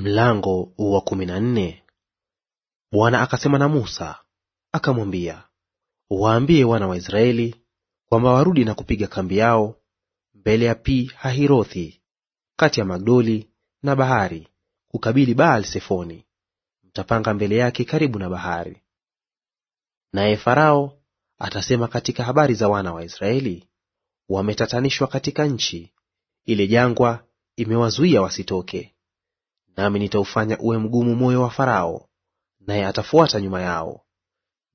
Mlango wa kumi na nne. Bwana akasema na Musa akamwambia, waambie wana wa Israeli kwamba warudi na kupiga kambi yao mbele ya Pi Hahirothi, kati ya Magdoli na bahari, kukabili Baal Sefoni. Mtapanga mbele yake karibu na bahari. Naye Farao atasema katika habari za wana wa Israeli, wametatanishwa katika nchi ile, jangwa imewazuia wasitoke nami nitaufanya uwe mgumu moyo wa Farao, naye atafuata nyuma yao.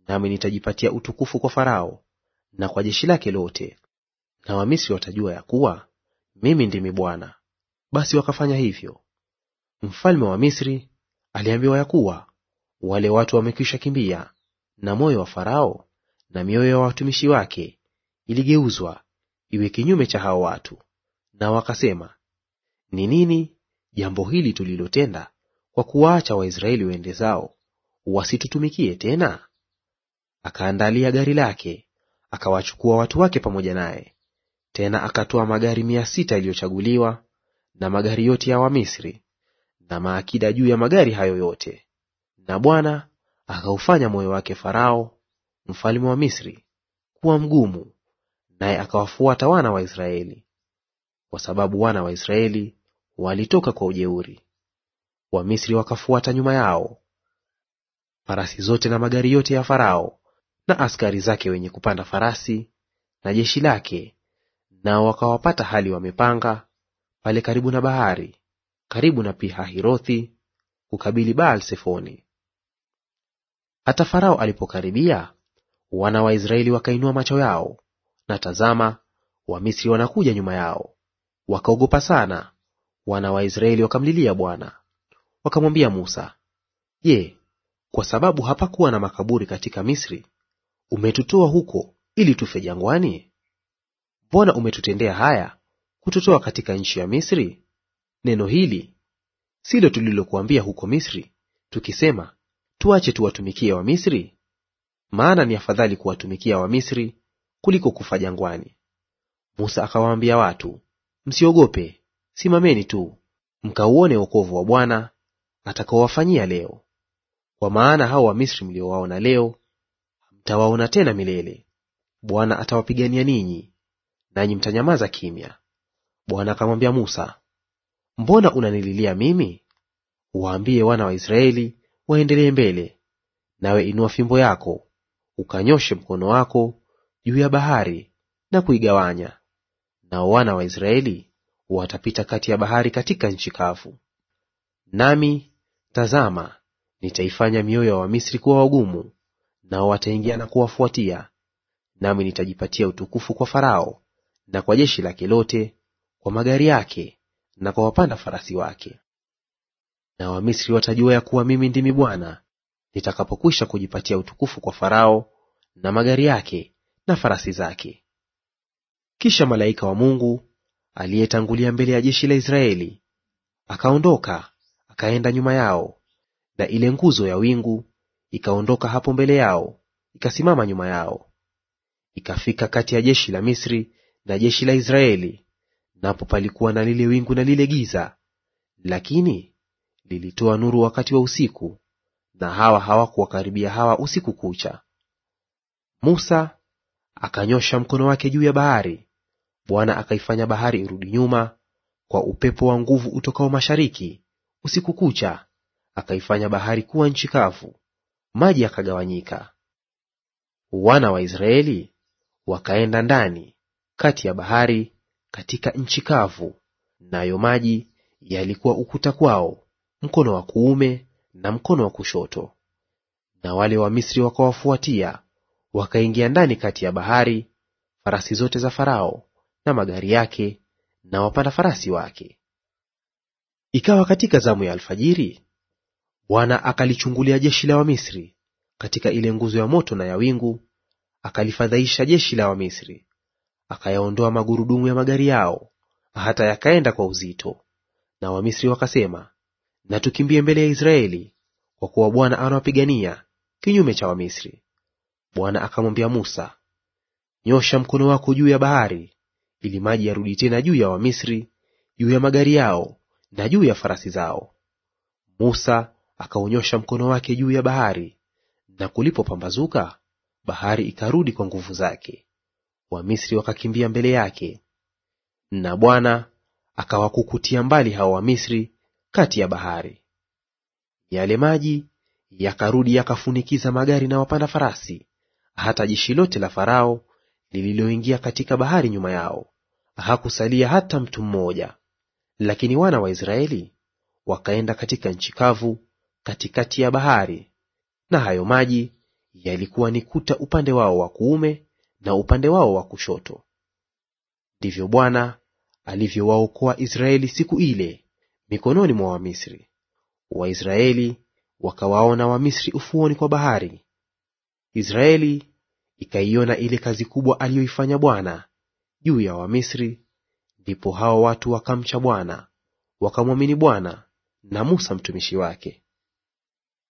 Nami nitajipatia utukufu kwa Farao na kwa jeshi lake lote, na Wamisri watajua ya kuwa mimi ndimi Bwana. Basi wakafanya hivyo. Mfalme wa Misri aliambiwa ya kuwa wale watu wamekwisha kimbia, na moyo wa Farao na mioyo ya watumishi wake iligeuzwa iwe kinyume cha hao watu. Na wakasema, ni nini jambo hili tulilotenda kwa kuwaacha Waisraeli waende zao, wasitutumikie tena? Akaandalia gari lake, akawachukua watu wake pamoja naye. Tena akatoa magari mia sita yaliyochaguliwa na magari yote ya Wamisri na maakida juu ya magari hayo yote. Na Bwana akaufanya moyo wake Farao mfalme wa Misri kuwa mgumu, naye akawafuata wana wa Israeli, kwa sababu wana wa Israeli walitoka kwa ujeuri, Wamisri wakafuata nyuma yao, farasi zote na magari yote ya Farao na askari zake wenye kupanda farasi na jeshi lake, nao wakawapata hali wamepanga pale karibu na bahari, karibu na Pihahirothi, kukabili Baal Sefoni. Hata Farao alipokaribia, wana wa Israeli wakainua macho yao, na tazama, Wamisri wanakuja nyuma yao, wakaogopa sana, Wana wa Israeli wakamlilia Bwana wakamwambia Musa, Je, kwa sababu hapakuwa na makaburi katika Misri, umetutoa huko ili tufe jangwani? Mbona umetutendea haya kututoa katika nchi ya Misri? Neno hili silo tulilokuambia huko Misri, tukisema, tuache tuwatumikie Wamisri? Maana ni afadhali kuwatumikia Wamisri kuliko kufa jangwani. Musa akawaambia watu, msiogope, simameni tu mkauone wokovu wa Bwana atakaowafanyia leo. Kwa maana hao Wamisri mliowaona leo hamtawaona tena milele. Bwana atawapigania ninyi, nanyi mtanyamaza kimya. Bwana akamwambia Musa, mbona unanililia mimi? Waambie wana wa Israeli waendelee mbele. Nawe inua fimbo yako ukanyoshe mkono wako juu ya bahari na kuigawanya, nao wana wa Israeli watapita kati ya bahari katika nchi kavu. Nami tazama, nitaifanya mioyo ya Wamisri kuwa wagumu, nao wataingia na kuwafuatia, nami nitajipatia utukufu kwa Farao na kwa jeshi lake lote, kwa magari yake na kwa wapanda farasi wake. Na Wamisri watajua ya kuwa mimi ndimi Bwana nitakapokwisha kujipatia utukufu kwa Farao na magari yake na farasi zake. Kisha malaika wa Mungu aliyetangulia mbele ya jeshi la Israeli, akaondoka akaenda nyuma yao, na ile nguzo ya wingu ikaondoka hapo mbele yao ikasimama nyuma yao, ikafika kati ya jeshi la Misri na jeshi la Israeli, napo palikuwa na lile wingu na lile giza, lakini lilitoa nuru wakati wa usiku, na hawa hawakuwakaribia hawa usiku kucha. Musa akanyosha mkono wake juu ya bahari, Bwana akaifanya bahari irudi nyuma kwa upepo wa nguvu utokao mashariki usiku kucha, akaifanya bahari kuwa nchi kavu, maji yakagawanyika. Wana wa Israeli wakaenda ndani kati ya bahari katika nchi kavu, nayo maji yalikuwa ukuta kwao mkono wa kuume na mkono wa kushoto. Na wale Wamisri wakawafuatia wakaingia ndani kati ya bahari, farasi zote za Farao na magari yake na wapanda farasi wake. Ikawa katika zamu ya alfajiri, Bwana akalichungulia jeshi la Wamisri katika ile nguzo ya moto na ya wingu, akalifadhaisha jeshi la Wamisri, akayaondoa magurudumu ya magari yao, hata yakaenda kwa uzito. Na Wamisri wakasema, na tukimbie mbele ya Israeli, kwa kuwa Bwana anawapigania kinyume cha Wamisri. Bwana akamwambia Musa, nyosha mkono wako juu ya bahari, ili maji yarudi tena juu ya Wamisri, juu ya magari yao na juu ya farasi zao. Musa akaonyosha mkono wake juu ya bahari, na kulipopambazuka, bahari ikarudi kwa nguvu zake. Wamisri wakakimbia mbele yake, na Bwana akawakukutia mbali hao Wamisri kati ya bahari. Yale maji yakarudi yakafunikiza magari na wapanda farasi, hata jeshi lote la Farao lililoingia katika bahari nyuma yao, hakusalia hata mtu mmoja. Lakini wana wa Israeli wakaenda katika nchi kavu katikati ya bahari, na hayo maji yalikuwa ni kuta upande wao wa kuume na upande wao wa kushoto. Ndivyo Bwana alivyowaokoa Israeli siku ile mikononi mwa Wamisri. Waisraeli wakawaona Wamisri ufuoni kwa bahari. Israeli ikaiona ile kazi kubwa aliyoifanya Bwana juu ya Wamisri, ndipo hao watu wakamcha Bwana wakamwamini Bwana na Musa mtumishi wake.